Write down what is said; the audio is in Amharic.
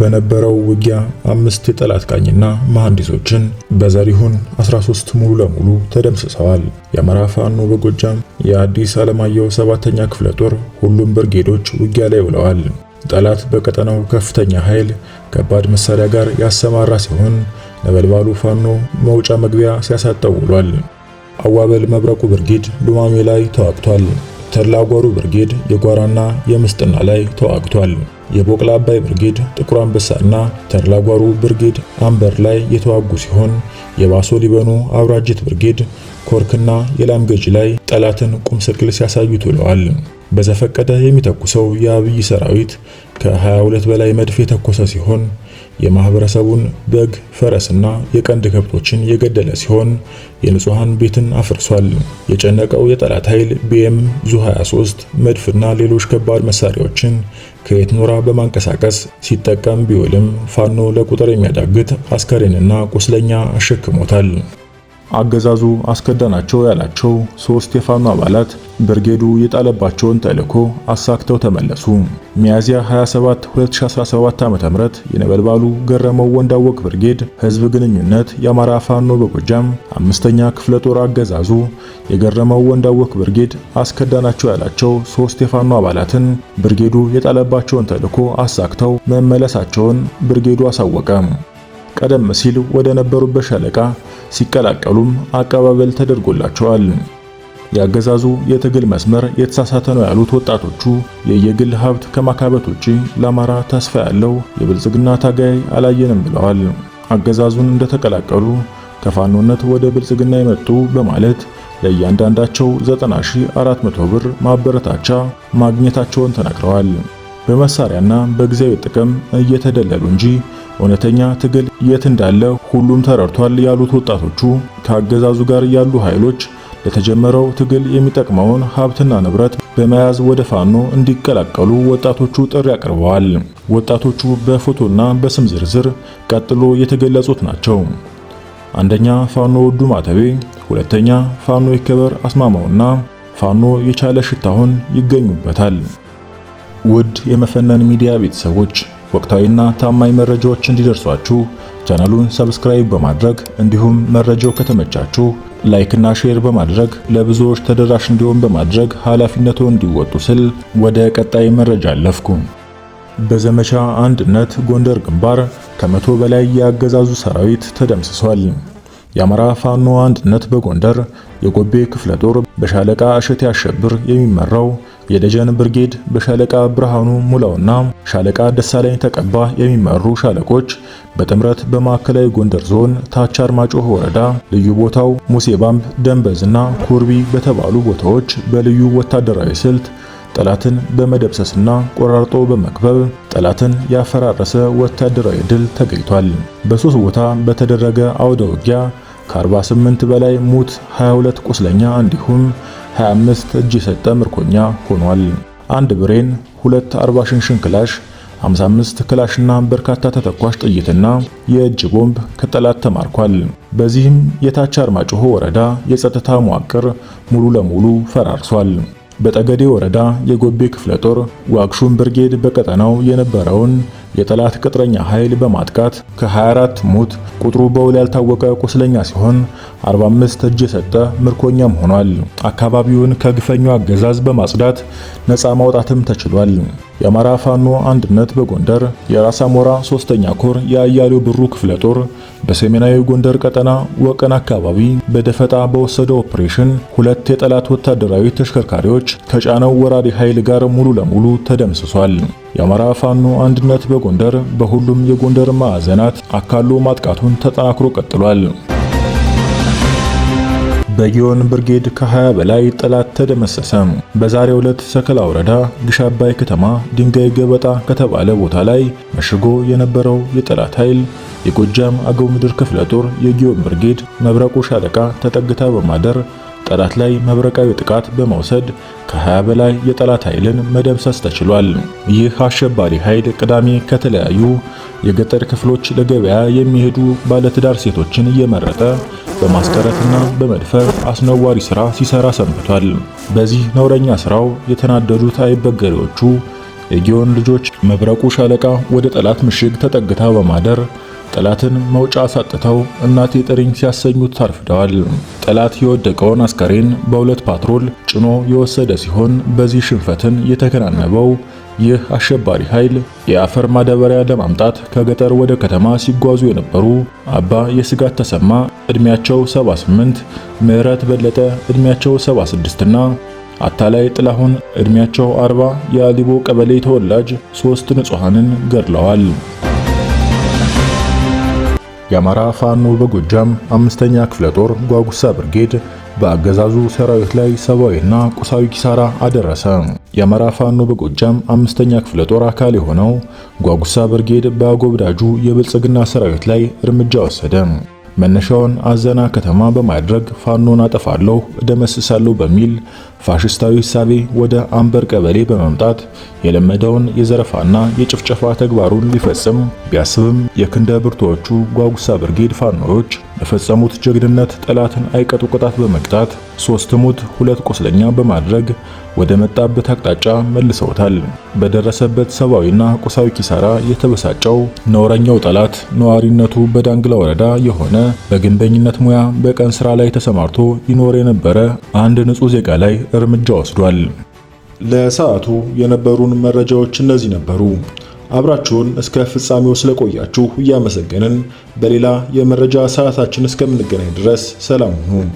በነበረው ውጊያ አምስት የጠላት ቃኝና መሐንዲሶችን በዘሪሁን 13 ሙሉ ለሙሉ ተደምስሰዋል። የአማራ ፋኖ በጎጃም የአዲስ ዓለማየሁ ሰባተኛ ክፍለ ጦር ሁሉም ብርጌዶች ውጊያ ላይ ውለዋል። ጠላት በቀጠናው ከፍተኛ ኃይል ከባድ መሳሪያ ጋር ያሰማራ ሲሆን ነበልባሉ ፋኖ መውጫ መግቢያ ሲያሳጠው ውሏል። አዋበል መብረቁ ብርጌድ ሉማሜ ላይ ተዋግቷል። ተላጓሩ ብርጌድ የጓራና የምስጥና ላይ ተዋግቷል። የቦቅላ አባይ ብርጌድ፣ ጥቁር አንበሳ እና ተድላጓሩ ብርጌድ አንበር ላይ የተዋጉ ሲሆን የባሶ ሊበኑ አውራጅት ብርጌድ ኮርክና የላምገጅ ላይ ጠላትን ቁም ስቅል ሲያሳዩ ውለዋል። በዘፈቀደ የሚተኩሰው የአብይ ሰራዊት ከ22 በላይ መድፍ የተኮሰ ሲሆን የማህበረሰቡን በግ፣ ፈረስና የቀንድ ከብቶችን የገደለ ሲሆን የንጹሃን ቤትን አፍርሷል። የጨነቀው የጠላት ኃይል ቢኤም ዙ 23 መድፍና ሌሎች ከባድ መሳሪያዎችን ከየት ኖራ በማንቀሳቀስ ሲጠቀም ቢውልም ፋኖ ለቁጥር የሚያዳግት አስከሬንና ቁስለኛ አሸክሞታል። አገዛዙ አስከዳናቸው ያላቸው ሶስት የፋኖ አባላት ብርጌዱ የጣለባቸውን ተልዕኮ አሳክተው ተመለሱ። ሚያዚያ 27 2017 ዓ.ም የነበልባሉ ገረመው ወንዳወቅ ብርጌድ ህዝብ ግንኙነት የአማራ ፋኖ በጎጃም አምስተኛ ክፍለ ጦር አገዛዙ የገረመው ወንዳወቅ ብርጌድ አስከዳናቸው ያላቸው ሶስት የፋኖ አባላትን ብርጌዱ የጣለባቸውን ተልዕኮ አሳክተው መመለሳቸውን ብርጌዱ አሳወቀ። ቀደም ሲል ወደ ነበሩበት ሻለቃ ሲቀላቀሉም አቀባበል ተደርጎላቸዋል። የአገዛዙ የትግል መስመር የተሳሳተ ነው ያሉት ወጣቶቹ የየግል ሀብት ከማካበት ውጪ ለአማራ ተስፋ ያለው የብልጽግና ታጋይ አላየንም ብለዋል። አገዛዙን እንደተቀላቀሉ ከፋኖነት ወደ ብልጽግና የመጡ በማለት ለእያንዳንዳቸው 90400 ብር ማበረታቻ ማግኘታቸውን ተናግረዋል። በመሳሪያና በጊዜያዊ ጥቅም እየተደለሉ እንጂ እውነተኛ ትግል የት እንዳለ ሁሉም ተረድቷል ያሉት ወጣቶቹ ከአገዛዙ ጋር ያሉ ኃይሎች ለተጀመረው ትግል የሚጠቅመውን ሀብትና ንብረት በመያዝ ወደ ፋኖ እንዲቀላቀሉ ወጣቶቹ ጥሪ አቅርበዋል። ወጣቶቹ በፎቶና በስም ዝርዝር ቀጥሎ የተገለጹት ናቸው። አንደኛ ፋኖ ወዱ ማተቤ፣ ሁለተኛ ፋኖ ይከበር አስማማውና ፋኖ የቻለ ሽታሁን ይገኙበታል። ውድ የመፈነን ሚዲያ ቤተሰቦች ወቅታዊና ታማኝ መረጃዎች እንዲደርሷችሁ ቻናሉን ሰብስክራይብ በማድረግ እንዲሁም መረጃው ከተመቻችሁ ላይክና ሼር በማድረግ ለብዙዎች ተደራሽ እንዲሆን በማድረግ ኃላፊነቱን እንዲወጡ ስል ወደ ቀጣይ መረጃ አለፍኩ። በዘመቻ አንድነት ጎንደር ግንባር ከመቶ በላይ የአገዛዙ ሰራዊት ተደምስሷል። የአማራ ፋኖ አንድነት በጎንደር የጎቤ ክፍለ ጦር በሻለቃ እሸት ያሸብር የሚመራው የደጀን ብርጌድ በሻለቃ ብርሃኑ ሙላውና ሻለቃ ደሳለኝ ተቀባ የሚመሩ ሻለቆች በጥምረት በማዕከላዊ ጎንደር ዞን ታች አርማጮህ ወረዳ ልዩ ቦታው ሙሴ ባምብ፣ ደንበዝና ኩርቢ በተባሉ ቦታዎች በልዩ ወታደራዊ ስልት ጠላትን በመደብሰስና ቆራርጦ በመክበብ ጠላትን ያፈራረሰ ወታደራዊ ድል ተገኝቷል። በሶስት ቦታ በተደረገ አውደ ውጊያ ከ48 በላይ ሙት፣ 22 ቁስለኛ እንዲሁም 25 እጅ የሰጠ ምርኮኛ ሆኗል። አንድ ብሬን፣ ሁለት 40 ሽንሽን ክላሽ 55 ክላሽና በርካታ ተተኳሽ ጥይትና የእጅ ቦምብ ከጠላት ተማርኳል። በዚህም የታች አርማጭሆ ወረዳ የጸጥታ መዋቅር ሙሉ ለሙሉ ፈራርሷል። በጠገዴ ወረዳ የጎቤ ክፍለ ጦር ዋግሹም ብርጌድ በቀጠናው የነበረውን የጠላት ቅጥረኛ ኃይል በማጥቃት ከ24 ሙት ቁጥሩ በውል ያልታወቀ ቁስለኛ ሲሆን 45 እጅ የሰጠ ምርኮኛም ሆኗል። አካባቢውን ከግፈኛው አገዛዝ በማጽዳት ነፃ ማውጣትም ተችሏል። የአማራ ፋኖ አንድነት በጎንደር የራስ አሞራ ሶስተኛ ኮር የአያሌው ብሩ ክፍለ ጦር በሰሜናዊ ጎንደር ቀጠና ወቀን አካባቢ በደፈጣ በወሰደው ኦፕሬሽን ሁለት የጠላት ወታደራዊ ተሽከርካሪዎች ከጫነው ወራሪ ኃይል ጋር ሙሉ ለሙሉ ተደምስሷል። የአማራ ፋኖ አንድነት በጎንደር በሁሉም የጎንደር ማዕዘናት አካሎ ማጥቃቱን ተጠናክሮ ቀጥሏል። በጊዮን ብርጌድ ከ20 በላይ ጠላት ተደመሰሰ። በዛሬው ዕለት ሰከላ ወረዳ ግሽ አባይ ከተማ ድንጋይ ገበጣ ከተባለ ቦታ ላይ መሽጎ የነበረው የጠላት ኃይል የጎጃም አገው ምድር ክፍለ ጦር የጊዮን ብርጌድ መብረቁ ሻለቃ ተጠግታ በማደር ጠላት ላይ መብረቃዊ ጥቃት በመውሰድ ከ20 በላይ የጠላት ኃይልን መደምሰስ ተችሏል። ይህ አሸባሪ ኃይል ቅዳሜ ከተለያዩ የገጠር ክፍሎች ለገበያ የሚሄዱ ባለትዳር ሴቶችን እየመረጠ በማስቀረትና በመድፈር አስነዋሪ ሥራ ሲሰራ ሰንብቷል። በዚህ ነውረኛ ሥራው የተናደዱት አይበገሬዎቹ የጊዮን ልጆች መብረቁ ሻለቃ ወደ ጠላት ምሽግ ተጠግታ በማደር ጠላትን መውጫ አሳጥተው እናቴ ጥሪኝ ሲያሰኙት ታርፍደዋል። ጠላት የወደቀውን አስከሬን በሁለት ፓትሮል ጭኖ የወሰደ ሲሆን በዚህ ሽንፈትን የተከናነበው ይህ አሸባሪ ኃይል የአፈር ማዳበሪያ ለማምጣት ከገጠር ወደ ከተማ ሲጓዙ የነበሩ አባ የስጋት ተሰማ ዕድሜያቸው 78፣ ምህረት በለጠ ዕድሜያቸው 76 እና አታላይ ጥላሁን ዕድሜያቸው 40 የአሊቦ ቀበሌ ተወላጅ ሦስት ንጹሃንን ገድለዋል። የአማራ ፋኖ በጎጃም አምስተኛ ክፍለ ጦር ጓጉሳ ብርጌድ በአገዛዙ ሰራዊት ላይ ሰብአዊና ቁሳዊ ኪሳራ አደረሰ። የአማራ ፋኖ በጎጃም አምስተኛ ክፍለ ጦር አካል የሆነው ጓጉሳ ብርጌድ በአጎብዳጁ የብልጽግና ሰራዊት ላይ እርምጃ ወሰደ። መነሻውን አዘና ከተማ በማድረግ ፋኖን አጠፋለሁ እደመስሳለሁ በሚል ፋሽስታዊ ሕሳቤ ወደ አንበር ቀበሌ በመምጣት የለመደውን የዘረፋና የጭፍጨፋ ተግባሩን ሊፈጽም ቢያስብም የክንደ ብርቶቹ ጓጉሳ ብርጌድ ፋኖዎች በፈጸሙት ጀግንነት ጠላትን አይቀጡ ቅጣት በመቅጣት ሶስት ሙት ሁለት ቁስለኛ በማድረግ ወደ መጣበት አቅጣጫ መልሰውታል። በደረሰበት ሰብአዊና ቁሳዊ ኪሳራ የተበሳጨው ነውረኛው ጠላት ነዋሪነቱ በዳንግላ ወረዳ የሆነ በግንበኝነት ሙያ በቀን ስራ ላይ ተሰማርቶ ይኖር የነበረ አንድ ንጹህ ዜጋ ላይ እርምጃ ወስዷል። ለሰዓቱ የነበሩን መረጃዎች እነዚህ ነበሩ። አብራችሁን እስከ ፍጻሜው ስለቆያችሁ እያመሰገንን በሌላ የመረጃ ሰዓታችን እስከምንገናኝ ድረስ ሰላም ሁኑ።